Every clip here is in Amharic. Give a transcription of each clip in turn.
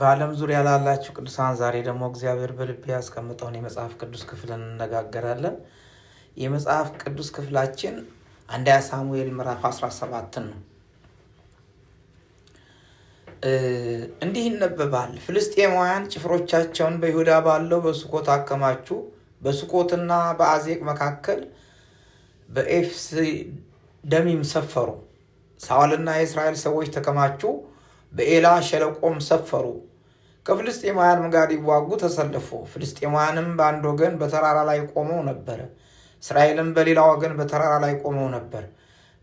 በዓለም ዙሪያ ላላችሁ ቅዱሳን ዛሬ ደግሞ እግዚአብሔር በልቤ ያስቀምጠውን የመጽሐፍ ቅዱስ ክፍል እንነጋገራለን። የመጽሐፍ ቅዱስ ክፍላችን አንደኛ ሳሙኤል ምዕራፍ 17 ነው። እንዲህ ይነበባል። ፍልስጤማውያን ጭፍሮቻቸውን በይሁዳ ባለው በሱቆት አከማችሁ በሱቆትና በአዜቅ መካከል በኤፍስ ደሚም ሰፈሩ። ሳዋልና የእስራኤል ሰዎች ተከማችሁ በኤላ ሸለቆም ሰፈሩ። ከፍልስጤማውያንም ጋር ሊዋጉ ተሰልፎ ፍልስጤማውያንም በአንድ ወገን በተራራ ላይ ቆመው ነበር እስራኤልም በሌላ ወገን በተራራ ላይ ቆመው ነበር።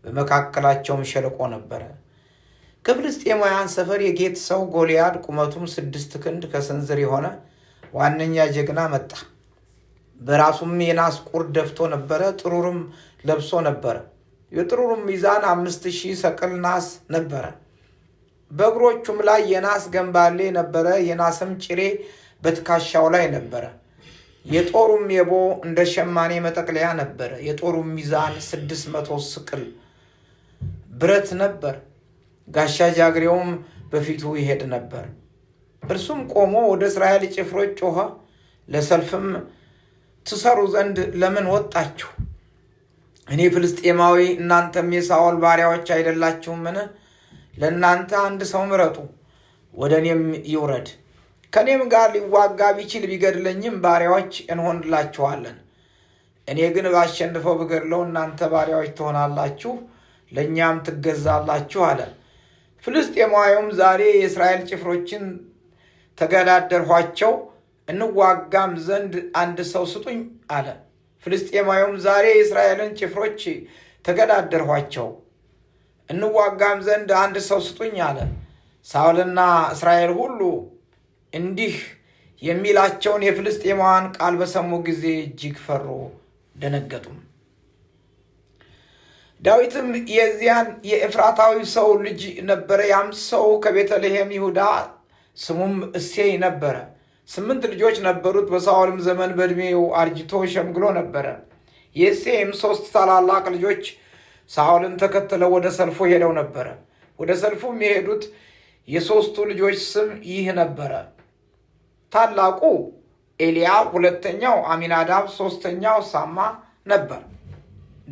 በመካከላቸውም ሸለቆ ነበረ። ከፍልስጤማውያን ሰፈር የጌት ሰው ጎልያድ ቁመቱም ስድስት ክንድ ከስንዝር የሆነ ዋነኛ ጀግና መጣ። በራሱም የናስ ቁር ደፍቶ ነበረ። ጥሩርም ለብሶ ነበረ። የጥሩሩም ሚዛን አምስት ሺህ ሰቅል ናስ ነበረ። በእግሮቹም ላይ የናስ ገንባሌ ነበረ፣ የናስም ጭሬ በትካሻው ላይ ነበረ። የጦሩም የቦ እንደ ሸማኔ መጠቅለያ ነበረ። የጦሩም ሚዛን ስድስት መቶ ስቅል ብረት ነበር። ጋሻ ጃግሬውም በፊቱ ይሄድ ነበር። እርሱም ቆሞ ወደ እስራኤል ጭፍሮች ጮኸ፣ ለሰልፍም ትሰሩ ዘንድ ለምን ወጣችሁ? እኔ ፍልስጤማዊ እናንተም የሳኦል ባሪያዎች አይደላችሁምን? ለእናንተ አንድ ሰው ምረጡ፣ ወደ እኔም ይውረድ፣ ከእኔም ጋር ሊዋጋ ቢችል ቢገድለኝም ባሪያዎች እንሆንላችኋለን። እኔ ግን ባሸንፈው ብገድለው እናንተ ባሪያዎች ትሆናላችሁ፣ ለእኛም ትገዛላችሁ አለ። ፍልስጤማዊውም ዛሬ የእስራኤል ጭፍሮችን ተገዳደርኋቸው፣ እንዋጋም ዘንድ አንድ ሰው ስጡኝ አለ። ፍልስጤማዊውም ዛሬ የእስራኤልን ጭፍሮች ተገዳደርኋቸው እንዋጋም ዘንድ አንድ ሰው ስጡኝ አለ። ሳውልና እስራኤል ሁሉ እንዲህ የሚላቸውን የፍልስጤማውያን ቃል በሰሙ ጊዜ እጅግ ፈሩ፣ ደነገጡም። ዳዊትም የዚያን የኤፍራታዊ ሰው ልጅ ነበረ። ያም ሰው ከቤተልሔም ይሁዳ፣ ስሙም እሴይ ነበረ። ስምንት ልጆች ነበሩት። በሳውልም ዘመን በእድሜው አርጅቶ ሸምግሎ ነበረ። የእሴይም ሶስት ታላላቅ ልጆች ሳኦልን ተከትለው ወደ ሰልፉ ሄደው ነበረ። ወደ ሰልፉም የሄዱት የሦስቱ ልጆች ስም ይህ ነበረ። ታላቁ ኤልያብ፣ ሁለተኛው አሚናዳብ፣ ሦስተኛው ሳማ ነበር።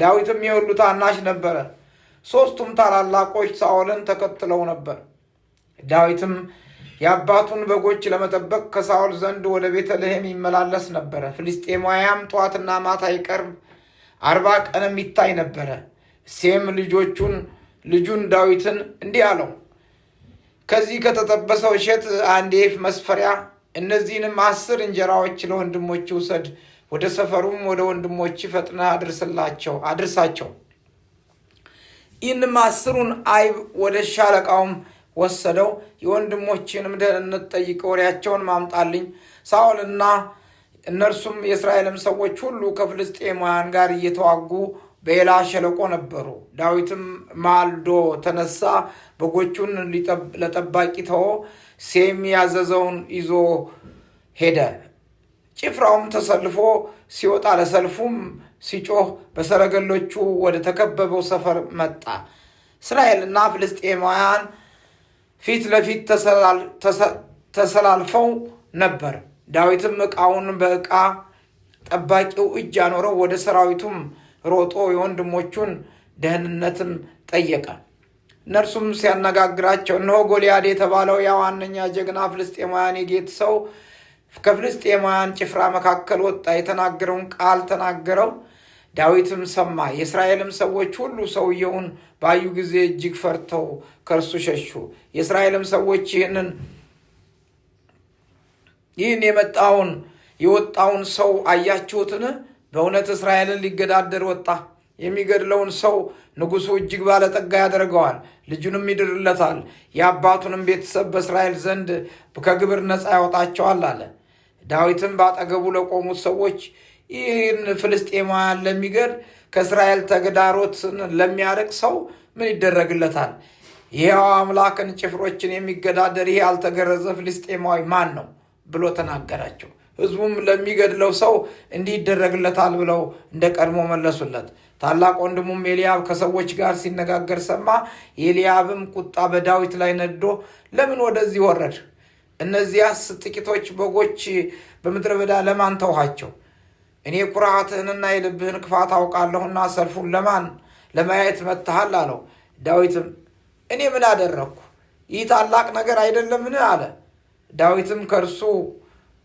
ዳዊትም የሁሉ ታናሽ ነበረ። ሦስቱም ታላላቆች ሳኦልን ተከትለው ነበር። ዳዊትም የአባቱን በጎች ለመጠበቅ ከሳኦል ዘንድ ወደ ቤተልሔም ይመላለስ ነበረ። ፍልስጤማውያም ጠዋትና ማታ ይቀርብ፣ አርባ ቀንም ይታይ ነበረ። ሴም ልጆቹን ልጁን ዳዊትን እንዲህ አለው፣ ከዚህ ከተጠበሰው እሸት አንድ ፍ መስፈሪያ እነዚህንም አስር እንጀራዎች ለወንድሞች ውሰድ፣ ወደ ሰፈሩም ወደ ወንድሞች ፈጥና አድርስላቸው አድርሳቸው። ይህንም አስሩን አይብ ወደ ሻለቃውም ወሰደው። የወንድሞችንም ደህንነት ጠይቀ ወሬያቸውን ማምጣልኝ። ሳኦልና እነርሱም የእስራኤልም ሰዎች ሁሉ ከፍልስጤማውያን ጋር እየተዋጉ በኤላ ሸለቆ ነበሩ። ዳዊትም ማልዶ ተነሳ፣ በጎቹን ለጠባቂ ተወ። ሴም ያዘዘውን ይዞ ሄደ። ጭፍራውም ተሰልፎ ሲወጣ ለሰልፉም ሲጮህ በሰረገሎቹ ወደ ተከበበው ሰፈር መጣ። እስራኤልና ፍልስጤማውያን ፊት ለፊት ተሰላልፈው ነበር። ዳዊትም ዕቃውን በዕቃ ጠባቂው እጅ አኖረው፣ ወደ ሰራዊቱም ሮጦ የወንድሞቹን ደህንነትም ጠየቀ። እነርሱም ሲያነጋግራቸው እነሆ ጎልያድ የተባለው ያ ዋነኛ ጀግና ፍልስጤማውያን የጌት ሰው ከፍልስጤማውያን ጭፍራ መካከል ወጣ፣ የተናገረውን ቃል ተናገረው። ዳዊትም ሰማ። የእስራኤልም ሰዎች ሁሉ ሰውየውን ባዩ ጊዜ እጅግ ፈርተው ከእርሱ ሸሹ። የእስራኤልም ሰዎች ይህንን ይህን የመጣውን የወጣውን ሰው አያችሁትን? በእውነት እስራኤልን ሊገዳደር ወጣ። የሚገድለውን ሰው ንጉሡ እጅግ ባለጠጋ ያደርገዋል፣ ልጁንም ይድርለታል፣ የአባቱንም ቤተሰብ በእስራኤል ዘንድ ከግብር ነፃ ያወጣቸዋል አለ። ዳዊትም በአጠገቡ ለቆሙት ሰዎች ይህን ፍልስጤማውያን ለሚገድ ከእስራኤል ተግዳሮትን ለሚያርቅ ሰው ምን ይደረግለታል? ይህው አምላክን ጭፍሮችን የሚገዳደር ይህ ያልተገረዘ ፍልስጤማዊ ማን ነው ብሎ ተናገራቸው። ህዝቡም ለሚገድለው ሰው እንዲህ ይደረግለታል ብለው እንደ ቀድሞ መለሱለት። ታላቅ ወንድሙም ኤልያብ ከሰዎች ጋር ሲነጋገር ሰማ። የኤልያብም ቁጣ በዳዊት ላይ ነዶ ለምን ወደዚህ ወረድ? እነዚያስ ጥቂቶች በጎች በምድረ በዳ ለማን ተውሃቸው? እኔ ኩራትህንና የልብህን ክፋት አውቃለሁና ሰልፉን ለማን ለማየት መጥተሃል? አለው። ዳዊትም እኔ ምን አደረግኩ? ይህ ታላቅ ነገር አይደለምን? አለ። ዳዊትም ከእርሱ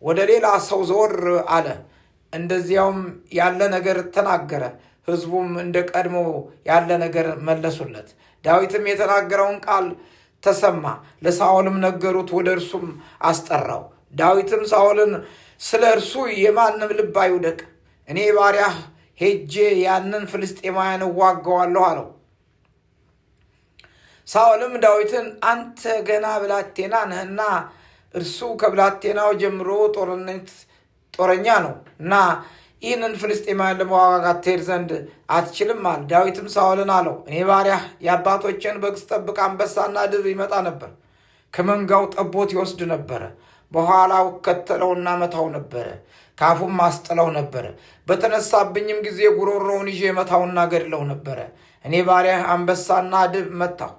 ወደ ሌላ ሰው ዘወር አለ። እንደዚያውም ያለ ነገር ተናገረ። ሕዝቡም እንደ ቀድሞ ያለ ነገር መለሱለት። ዳዊትም የተናገረውን ቃል ተሰማ። ለሳኦልም ነገሩት፣ ወደ እርሱም አስጠራው። ዳዊትም ሳኦልን ስለ እርሱ የማንም ልብ አይውደቅ፣ እኔ ባሪያህ ሄጄ ያንን ፍልስጤማውያን እዋገዋለሁ አለው። ሳኦልም ዳዊትን አንተ ገና ብላቴና ነህና እርሱ ከብላቴናው ጀምሮ ጦርነት ጦረኛ ነው እና ይህንን ፍልስጤማውያን ለመዋጋት ትሄድ ዘንድ አትችልም አለ። ዳዊትም ሳውልን አለው እኔ ባሪያህ የአባቶችን በግ ስጠብቅ አንበሳና ድብ ይመጣ ነበር፣ ከመንጋው ጠቦት ይወስድ ነበረ። በኋላው ከተለውና መታው ነበረ፣ ካፉም አስጥለው ነበረ። በተነሳብኝም ጊዜ ጉሮሮውን ይዤ መታውና ገድለው ነበረ። እኔ ባሪያህ አንበሳና ድብ መታሁ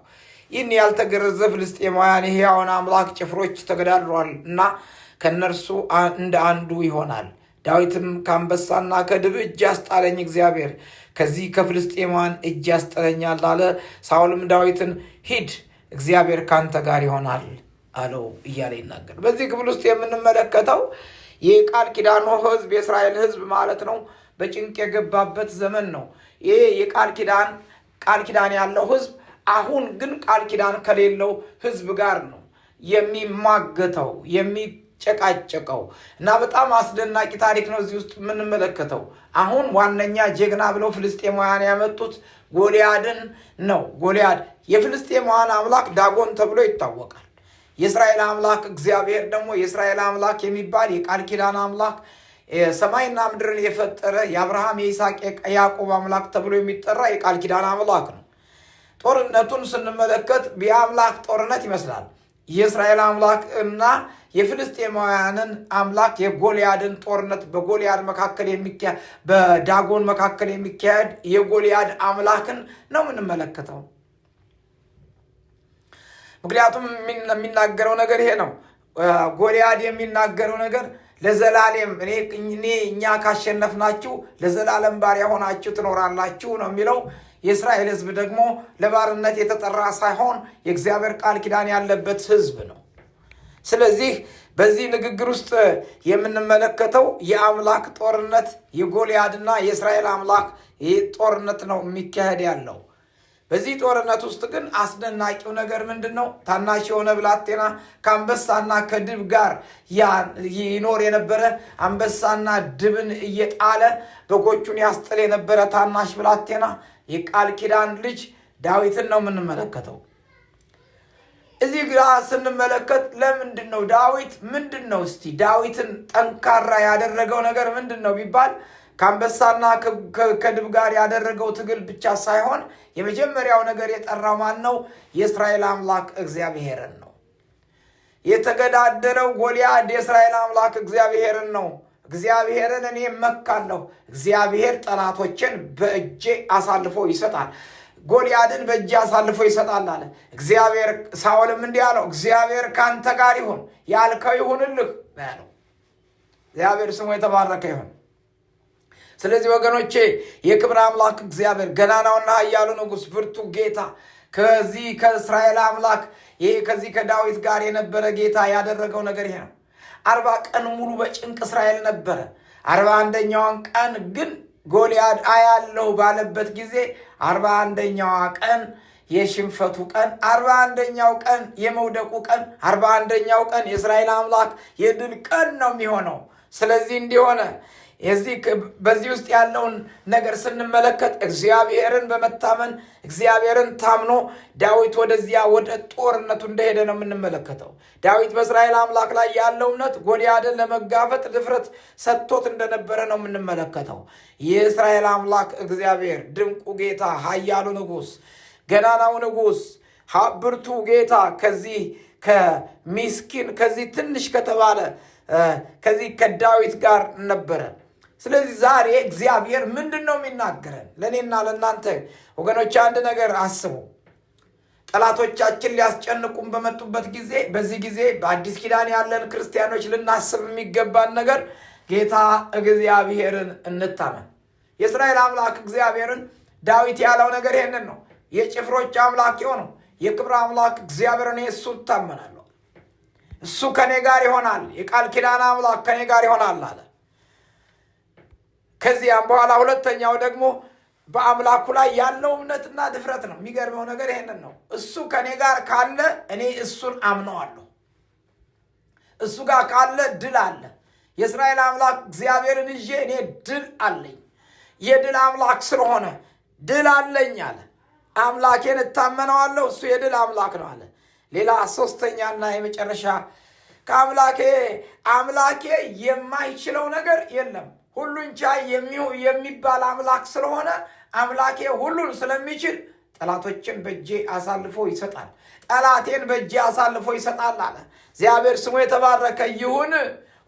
ይህን ያልተገረዘ ፍልስጤማውያን የሕያውን አምላክ ጭፍሮች ተገዳድሯል እና ከእነርሱ እንደ አንዱ ይሆናል። ዳዊትም ከአንበሳና ከድብ እጅ ያስጣለኝ እግዚአብሔር ከዚህ ከፍልስጤማውያን እጅ ያስጥለኛል አለ። ሳውልም ዳዊትን ሂድ፣ እግዚአብሔር ካንተ ጋር ይሆናል አለው እያለ ይናገር። በዚህ ክፍል ውስጥ የምንመለከተው ይህ ቃል ኪዳኑ ህዝብ የእስራኤል ህዝብ ማለት ነው በጭንቅ የገባበት ዘመን ነው። ይህ የቃል ኪዳን ቃል ኪዳን ያለው ህዝብ። አሁን ግን ቃል ኪዳን ከሌለው ህዝብ ጋር ነው የሚማገተው የሚጨቃጨቀው። እና በጣም አስደናቂ ታሪክ ነው እዚህ ውስጥ የምንመለከተው። አሁን ዋነኛ ጀግና ብለው ፍልስጤማውያን ያመጡት ጎልያድን ነው። ጎልያድ የፍልስጤማውያን አምላክ ዳጎን ተብሎ ይታወቃል። የእስራኤል አምላክ እግዚአብሔር ደግሞ የእስራኤል አምላክ የሚባል የቃል ኪዳን አምላክ ሰማይና ምድርን የፈጠረ የአብርሃም የይስሐቅ፣ የያዕቆብ አምላክ ተብሎ የሚጠራ የቃል ኪዳን አምላክ ነው። ጦርነቱን ስንመለከት የአምላክ ጦርነት ይመስላል። የእስራኤል አምላክ እና የፍልስጤማውያንን አምላክ የጎልያድን ጦርነት በጎልያድ መካከል የሚካሄድ በዳጎን መካከል የሚካሄድ የጎልያድ አምላክን ነው የምንመለከተው። ምክንያቱም የሚናገረው ነገር ይሄ ነው። ጎልያድ የሚናገረው ነገር ለዘላለም እኔ እኛ ካሸነፍናችሁ ለዘላለም ባሪያ ሆናችሁ ትኖራላችሁ ነው የሚለው። የእስራኤል ህዝብ ደግሞ ለባርነት የተጠራ ሳይሆን የእግዚአብሔር ቃል ኪዳን ያለበት ህዝብ ነው። ስለዚህ በዚህ ንግግር ውስጥ የምንመለከተው የአምላክ ጦርነት የጎልያድና የእስራኤል አምላክ ጦርነት ነው የሚካሄድ ያለው። በዚህ ጦርነት ውስጥ ግን አስደናቂው ነገር ምንድን ነው? ታናሽ የሆነ ብላቴና ከአንበሳና ከድብ ጋር ይኖር የነበረ አንበሳና ድብን እየጣለ በጎቹን ያስጥል የነበረ ታናሽ ብላቴና የቃል ኪዳን ልጅ ዳዊትን ነው የምንመለከተው። እዚህ ጋ ስንመለከት ለምንድን ነው ዳዊት ምንድን ነው እስቲ ዳዊትን ጠንካራ ያደረገው ነገር ምንድን ነው ቢባል ከአንበሳና ከድብ ጋር ያደረገው ትግል ብቻ ሳይሆን የመጀመሪያው ነገር የጠራው ማን ነው? የእስራኤል አምላክ እግዚአብሔርን ነው። የተገዳደረው ጎልያድ የእስራኤል አምላክ እግዚአብሔርን ነው። እግዚአብሔርን እኔ መካለሁ እግዚአብሔር ጠላቶችን በእጄ አሳልፎ ይሰጣል። ጎልያድን በእጄ አሳልፎ ይሰጣል አለ እግዚአብሔር። ሳውልም እንዲህ አለው፣ እግዚአብሔር ከአንተ ጋር ይሁን፣ ያልከው ይሁንልህ ያለው። እግዚአብሔር ስሙ የተባረከ ይሁን። ስለዚህ ወገኖቼ የክብር አምላክ እግዚአብሔር ገናናውና ኃያሉ ንጉሥ፣ ብርቱ ጌታ ከዚህ ከእስራኤል አምላክ ይሄ ከዚህ ከዳዊት ጋር የነበረ ጌታ ያደረገው ነገር ይሄ ነው። አርባ ቀን ሙሉ በጭንቅ እስራኤል ነበረ። አርባ አንደኛዋን ቀን ግን ጎልያድ አያለው ባለበት ጊዜ አርባ አንደኛዋ ቀን የሽንፈቱ ቀን፣ አርባ አንደኛው ቀን የመውደቁ ቀን፣ አርባ አንደኛው ቀን የእስራኤል አምላክ የድል ቀን ነው የሚሆነው። ስለዚህ እንዲሆነ የዚህ በዚህ ውስጥ ያለውን ነገር ስንመለከት እግዚአብሔርን በመታመን እግዚአብሔርን ታምኖ ዳዊት ወደዚያ ወደ ጦርነቱ እንደሄደ ነው የምንመለከተው። ዳዊት በእስራኤል አምላክ ላይ ያለው እምነት ጎልያድን ለመጋፈጥ ድፍረት ሰጥቶት እንደነበረ ነው የምንመለከተው። የእስራኤል አምላክ እግዚአብሔር ድንቁ ጌታ፣ ኃያሉ ንጉስ፣ ገናናው ንጉስ ብርቱ ጌታ ከዚህ ከሚስኪን ከዚህ ትንሽ ከተባለ ከዚህ ከዳዊት ጋር ነበረ። ስለዚህ ዛሬ እግዚአብሔር ምንድን ነው የሚናገረን? ለእኔና ለእናንተ ወገኖች አንድ ነገር አስቡ። ጠላቶቻችን ሊያስጨንቁን በመጡበት ጊዜ፣ በዚህ ጊዜ በአዲስ ኪዳን ያለን ክርስቲያኖች ልናስብ የሚገባን ነገር ጌታ እግዚአብሔርን እንታመን። የእስራኤል አምላክ እግዚአብሔርን ዳዊት ያለው ነገር ይህንን ነው። የጭፍሮች አምላክ የሆነው የክብር አምላክ እግዚአብሔርን እኔ እሱ እታመናለሁ፣ እሱ ከኔ ጋር ይሆናል፣ የቃል ኪዳን አምላክ ከኔ ጋር ይሆናል አለ። ከዚያም በኋላ ሁለተኛው ደግሞ በአምላኩ ላይ ያለው እምነትና ድፍረት ነው። የሚገርመው ነገር ይሄንን ነው። እሱ ከእኔ ጋር ካለ እኔ እሱን አምነዋለሁ። እሱ ጋር ካለ ድል አለ። የእስራኤል አምላክ እግዚአብሔርን ይዤ እኔ ድል አለኝ። የድል አምላክ ስለሆነ ድል አለኝ አለ። አምላኬን እታመነዋለሁ። እሱ የድል አምላክ ነው አለ። ሌላ ሶስተኛና የመጨረሻ ከአምላኬ አምላኬ የማይችለው ነገር የለም ሁሉን ቻይ የሚባል አምላክ ስለሆነ አምላኬ ሁሉን ስለሚችል ጠላቶችን በእጄ አሳልፎ ይሰጣል፣ ጠላቴን በእጄ አሳልፎ ይሰጣል አለ። እግዚአብሔር ስሙ የተባረከ ይሁን።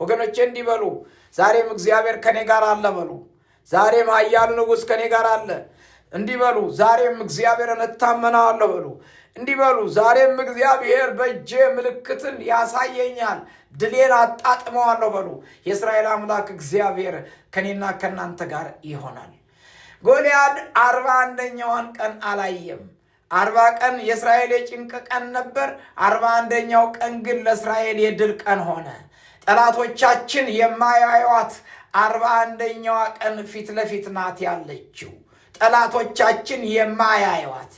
ወገኖቼ እንዲበሉ ዛሬም እግዚአብሔር ከኔ ጋር አለ በሉ። ዛሬም ኃያሉ ንጉሥ ከኔ ጋር አለ እንዲበሉ። ዛሬም እግዚአብሔርን እታመናለሁ በሉ። እንዲህ በሉ። ዛሬም እግዚአብሔር በእጄ ምልክትን ያሳየኛል፣ ድሌን አጣጥመዋለሁ በሉ። የእስራኤል አምላክ እግዚአብሔር ከኔና ከእናንተ ጋር ይሆናል። ጎልያድ አርባ አንደኛዋን ቀን አላየም። አርባ ቀን የእስራኤል የጭንቅ ቀን ነበር። አርባ አንደኛው ቀን ግን ለእስራኤል የድል ቀን ሆነ። ጠላቶቻችን የማያዩዋት አርባ አንደኛዋ ቀን ፊት ለፊት ናት ያለችው ጠላቶቻችን የማያዩዋት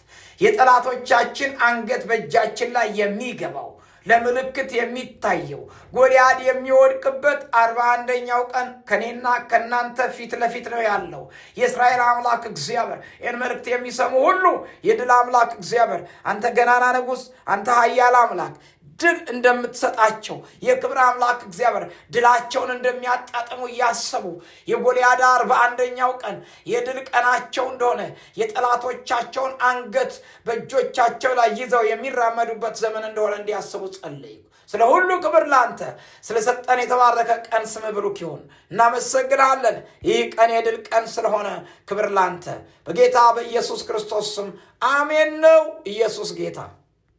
የጠላቶቻችን አንገት በእጃችን ላይ የሚገባው ለምልክት የሚታየው ጎልያድ የሚወድቅበት አርባ አንደኛው ቀን ከኔና ከእናንተ ፊት ለፊት ነው ያለው። የእስራኤል አምላክ እግዚአብሔር ይህን መልእክት የሚሰሙ ሁሉ የድል አምላክ እግዚአብሔር አንተ ገናና ንጉሥ፣ አንተ ኃያል አምላክ ድል እንደምትሰጣቸው የክብር አምላክ እግዚአብሔር ድላቸውን እንደሚያጣጥሙ እያሰቡ የጎልያድ አርባ አንደኛው ቀን የድል ቀናቸው እንደሆነ የጠላቶቻቸውን አንገት በእጆቻቸው ላይ ይዘው የሚራመዱበት ዘመን እንደሆነ እንዲያስቡ ጸለዩ። ስለ ሁሉ ክብር ላንተ ስለሰጠን የተባረከ ቀን ስም ብሩክ ይሁን። እናመሰግናለን። ይህ ቀን የድል ቀን ስለሆነ ክብር ለአንተ በጌታ በኢየሱስ ክርስቶስ ስም አሜን። ነው ኢየሱስ ጌታ